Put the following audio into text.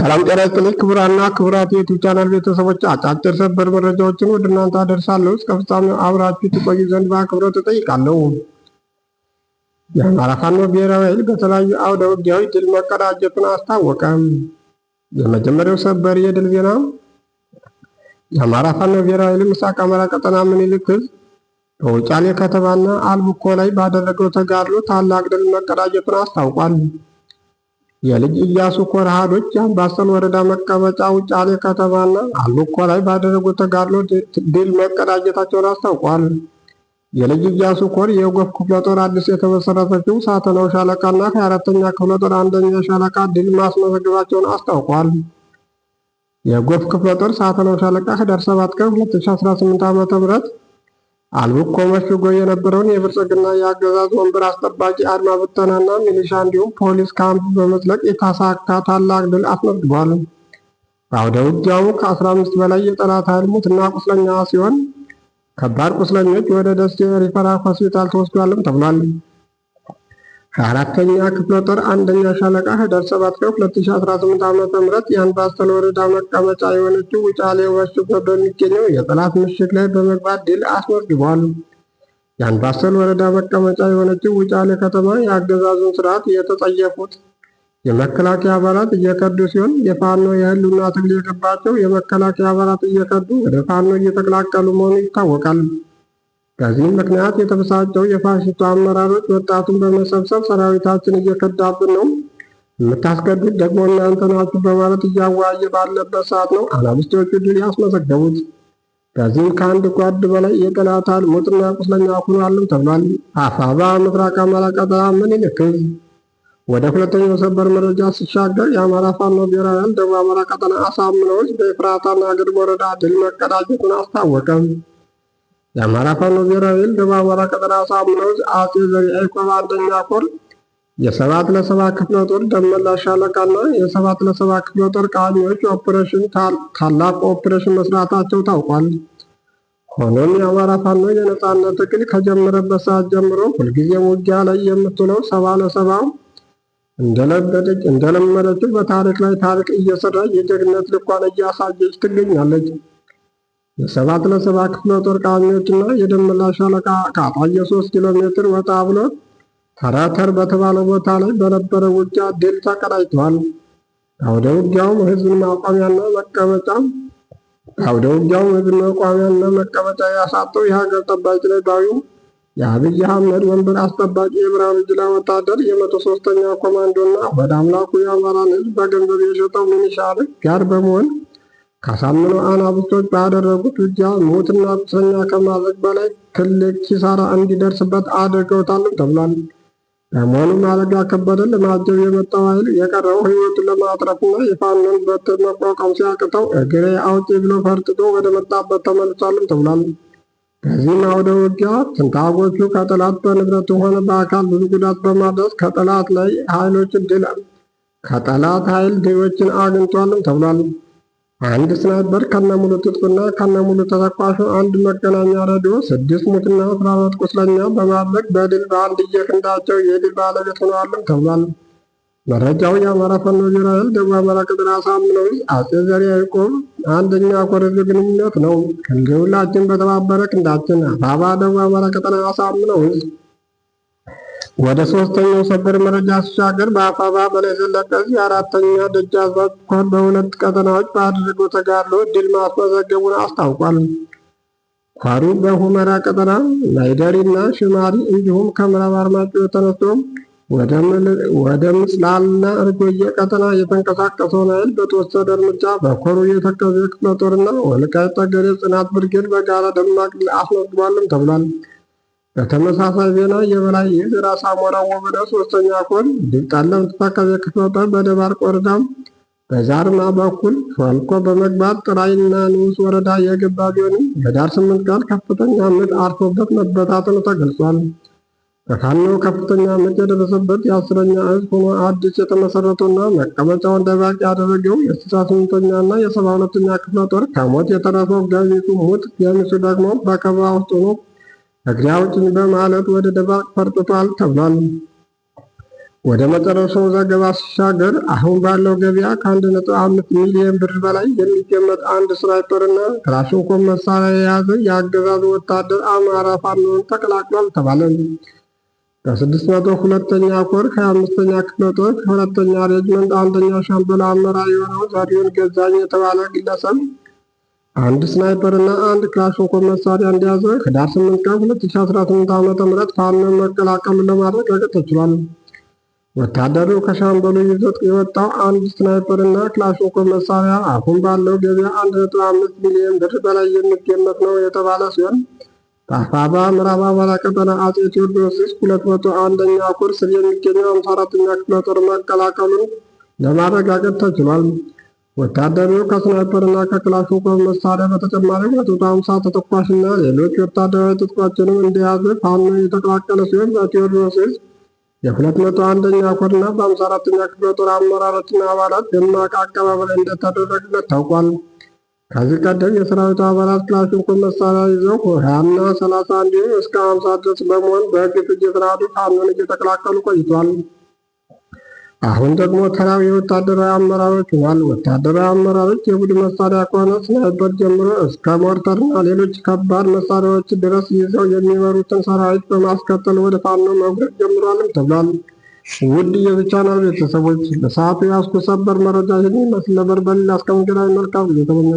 ሰላም ጤና ይስጥልኝ ክቡራና ክቡራት የዩቲዩብ ቻናል ቤተሰቦች፣ አጫጭር ሰበር መረጃዎችን ወደ እናንተ አደርሳለሁ። እስከ ፍጻሜ አብራችሁ ትቆዩ ዘንድ በአክብሮት እጠይቃለሁ። የአማራ ፋኖ ብሔራዊ ኃይል በተለያዩ አውደ ውጊያዎች ድል መቀዳጀቱን አስታወቀ። የመጀመሪያው ሰበር የድል ዜና የአማራ ፋኖ ብሔራዊ ኃይል ምስራቅ አማራ ቀጠና ምኒልክ ዕዝ በውጫሌ ከተማና አልቡኮ ላይ ባደረገው ተጋድሎ ታላቅ ድል መቀዳጀቱን አስታውቋል። የልጅ ኢያሱ ኮርሃዶች የአምባሰል ወረዳ መቀመጫ ውጫሌ ከተማና አልኮ ላይ ባደረጉ ተጋድሎ ድል መቀዳጀታቸውን አስታውቋል። የልጅ ኢያሱ ኮር የጎፍ ክፍለ ጦር አዲስ የተመሰረተችው ሳተናው ሻለቃና ከአራተኛ ክፍለ ጦር አንደኛ ሻለቃ ድል ማስመዘግባቸውን አስታውቋል። የጎፍ ክፍለ ጦር ሳተናው ሻለቃ ህዳር 7 ቀን 2018 ም አልቡኮ መሽጎ የነበረውን የብልጽግና የአገዛዝ ወንበር አስጠባቂ አድማ ብተናና ሚሊሻ እንዲሁም ፖሊስ ካምፕ በመዝለቅ የታሳካ ታላቅ ድል አስመዝግቧል። በአውደ ውጊያው ከ15 በላይ የጠላት ኃይል ሙትና ቁስለኛ ሲሆን ከባድ ቁስለኞች ወደ ደሴ ሪፈራ ሆስፒታል ተወስዷልም ተብሏል። ከአራተኛ ክፍለ ጦር አንደኛ ሻለቃ ህዳር 7 ቀን 2018 ዓ.ም የአምባሰል ወረዳ መቀመጫ የሆነችው ውጫሌ ወሽጎ በሚገኘው የጠላት ምሽግ ላይ በመግባት ድል አስመዝግቧል። የአምባሰል ወረዳ መቀመጫ የሆነችው ውጫሌ ከተማ የአገዛዙን ስርዓት የተጸየፉት የመከላከያ አባላት እየከዱ ሲሆን የፋኖ የህልውና ትግል የገባቸው የመከላከያ አባላት እየከዱ ወደ ፋኖ እየተቀላቀሉ መሆኑ ይታወቃል። በዚህም ምክንያት የተበሳጨው የፋሽስቱ አመራሮች ወጣቱን በመሰብሰብ ሰራዊታችን እየከዳብን ነው፣ የምታስገዱት ደግሞ እናንተ ናችሁ በማለት እያዋየ ባለበት ሰዓት ነው አናብስቶቹ ድል ያስመዘገቡት። በዚህም ከአንድ ጓድ በላይ የጠላት ኃይል ቁስለኛ ሆኗልም ተብሏል። አፋባ ምስራቅ አማራ ቀጠና ምኒልክ ዕዝ። ወደ ሁለተኛው ሰበር መረጃ ሲሻገር የአማራ ፋኖ ብሔራዊ ደቡብ አማራ ቀጠና አሳምነዎች በኤፍራታና ግድም ወረዳ ድል መቀዳጀቱን አስታወቀም። የአማራ ፋኖ ብሔራዊ ኃይል ደቡብ አማራ ቀጠና ሳምኖዝ አጼ ዘርዓ ያዕቆብ አንደኛ ኮር የሰባት ለሰባ ክፍለ ጦር ደመላሽ ሻለቃና የሰባት ለሰባት ክፍለ ጦር ቃኞች ኦፕሬሽን ታላቅ ኦፕሬሽን መስራታቸው ታውቋል። ሆኖም የአማራ ፋኖ የነጻነት ትግል ከጀመረበት ሰዓት ጀምሮ ሁልጊዜ ውጊያ ላይ የምትውለው ሰባ ለሰባ እንደለመደችው በታሪክ ላይ ታሪክ እየሰራች የጀግነት ልኳን እያሳየች ትገኛለች። የሰባት ለሰባ ክፍለ ጦር ቃኞችና የደመላ ሻለቃ ከአጣየ ሶስት ኪሎ ሜትር ወጣ ብሎ ተራተር በተባለ ቦታ ላይ በነበረ ውጊያ ድል ተቀዳጅተዋል። አውደ ውጊያውም ህዝብን ማቋሚያና መቀመጫ አውደ ውጊያውም ህዝብን ማቋሚያና መቀመጫ ያሳጠው የሀገር ጠባቂ ላይ ባዩ የአብይ አህመድ ወንበር አስጠባቂ የብርሃኑ ጁላ ወታደር የመቶ ሶስተኛ ኮማንዶና ወደ አምላኩ የአማራን ህዝብ በገንዘብ የሸጠው ሚኒሻ ጋር በመሆን ካሳምኑ አናብስቶች ባደረጉት ውጊያ ሞትና ቁስለኛ ከማድረግ በላይ ትልቅ ኪሳራ እንዲደርስበት አድርገውታልም ተብሏል። በመሆኑም አረጋ ከበደን ለማጀብ የመጣው ኃይል የቀረው ህይወቱን ለማትረፍና የፋኖን በትር መቋቋም ሲያቅተው እግሬ አውጪ ብሎ ፈርጥጦ ወደ መጣበት ተመልሷልም ተብሏል። በዚህም አውደ ውጊያ ትንታጎቹ ከጠላት በንብረት ሆነ በአካል ብዙ ጉዳት በማድረስ ከጠላት ላይ ኃይሎችን ድል ከጠላት ኃይል ድሎችን አግኝቷልም ተብሏል። አንድ ስናይፐር ሙሉ ትጥቁና ከነሙሉ ተተኳሹ፣ አንድ መገናኛ ሬዲዮ፣ ስድስት ሙትና አስራ ቁስለኛ በማድረግ በድል በአንድ ክንዳቸው የድል ባለቤት ሆነዋልም ተብሏል። መረጃው የአማራ ፋኖ ብሔራዊ ደቡብ አማራ ቅጥር አሳምነው አጼ ዘርዓ ያዕቆብ አንደኛ ኮረዶ ግንኙነት ነው። ክንድ ሁላችን በተባበረ ክንዳችን አባባ ደቡብ አማራ ቅጥር አሳምነው ወደ ሶስተኛው ሰበር መረጃ ሲሻገር በአፋባ በላይ ዘለቀ አራተኛ ደጃዝማች ኮር በሁለት ቀጠናዎች በአድርጎ ተጋድሎ ድል ማስመዘገቡን አስታውቋል። ኳሩ በሁመራ ቀጠና ላይደሪ እና ሽማሪ እንዲሁም ከምዕራብ አርማጭሆ ተነስቶ ወደ ምስላልና እርጎየ ቀጠና የተንቀሳቀሰውን ኃይል በተወሰደ እርምጃ በኮሩ የተከዜ ክፍለ ጦርና ወልቃይት ጠገዴ ጽናት ብርጌድ በጋራ ደማቅ አስመዝግቧልም ተብሏል። በተመሳሳይ ዜና የበላይ የራስ አሞራ ወበደ ሶስተኛ ኮር ድብጣለምት ተከዜ ክፍለ በደባር በደባርቅ ወረዳም በዛርማ በኩል ሾልኮ በመግባት ጥራይና ንዑስ ወረዳ የገባ ቢሆንም በዳር ስምንት ቃል ከፍተኛ ምት አርፎበት መበታተኑ ተገልጿል። በፋኖ ከፍተኛ ምት የደረሰበት የአስረኛ እዝ ሆኖ አዲስ የተመሰረተውና መቀመጫውን ደባቅ ያደረገው ስምንተኛ እና የሰባ ሁለተኛ ክፍለ ጦር ከሞት የተረፈው ገቢቱ ሙት ገሚሱ ደግሞ በከበባ ውስጥ ሆኖ እግሬ በማለት ወደ ደባርቅ ፈርጥቷል ተብሏል። ወደ መጨረሻው ዘገባ ሲሻገር አሁን ባለው ገበያ ከ1.5 ሚሊዮን ብር በላይ የሚገመት አንድ ስናይፐርና ክላሽንኮቭ መሳሪያ የያዘ የአገዛዙ ወታደር አማራ ፋኖን ተቀላቅሏል ተባለ። በ602ኛ ኮር ከ5ኛ ክፍለ ጦር ከሁለተኛ ሬጅመንት አንደኛ ሻምበል አመራ የሆነው ዘሪሁን ገዛኝ የተባለ ግለሰብ አንድ ስናይፐር እና አንድ ክላሽንኮቭ መሳሪያ እንደያዘ ህዳር 8 ቀን 2018 ዓ.ም ፋኖን መቀላቀሉ ለማረጋገጥ ተችሏል። ወታደሩ ከሻምበሉ ይዞት የወጣው አንድ ስናይፐር እና ክላሽንኮቭ መሳሪያ አሁን ባለው ገበያ 1.5 ሚሊዮን ብር በላይ የሚገመት ነው የተባለ ሲሆን በአፋባ ምዕራብ አማራ ቀጠና አጼ ቴዎድሮስ 21 ኛ ኮርስ የሚገኘው 54ኛ ክፍለ ጦር መቀላቀሉን ለማረጋገጥ ተችሏል። ወታደሩ ከስናይፐርና ከክላሽንኮቭ መሳሪያ በተጨማሪ 150 ተተኳሽና ሌሎች ወታደራዊ ትጥቆችንም እንደያዘ ፋኖ የተቀላቀለ ሲሆን በቴዎድሮስ ዕዝ የ አንደኛ ኛ ኮርና በ54ኛ ክፍለ ጦር አመራሮችና አባላት ደማቅ አቀባበል እንደተደረገለት ታውቋል። ከዚህ ቀደም የሰራዊቱ አባላት ክላሽንኮቭ መሳሪያ ይዘው ሀያና ሰላሳ እንዲሁም እስከ 50 ድረስ በመሆን በሕግ ፍጅት ራዱ ፋኖን እየተቀላቀሉ ቆይቷል። አሁን ደግሞ ተራው የወታደራዊ አመራሮች ሆኗል። ወታደራዊ አመራሮች የቡድን መሳሪያ ከሆነ ስናይፐር ጀምሮ እስከ ሞርተርና ሌሎች ከባድ መሳሪያዎች ድረስ ይዘው የሚመሩትን ሰራዊት በማስከተል ወደ ፋኖ መጉረድ ጀምሯልም ተብሏል። ውድ የቻናል ቤተሰቦች ለሰዓቱ ያስኩ ሰበር መረጃ ይህን ይመስል ነበር። በሌላ እስከምንገናኝ መልካም ጊዜ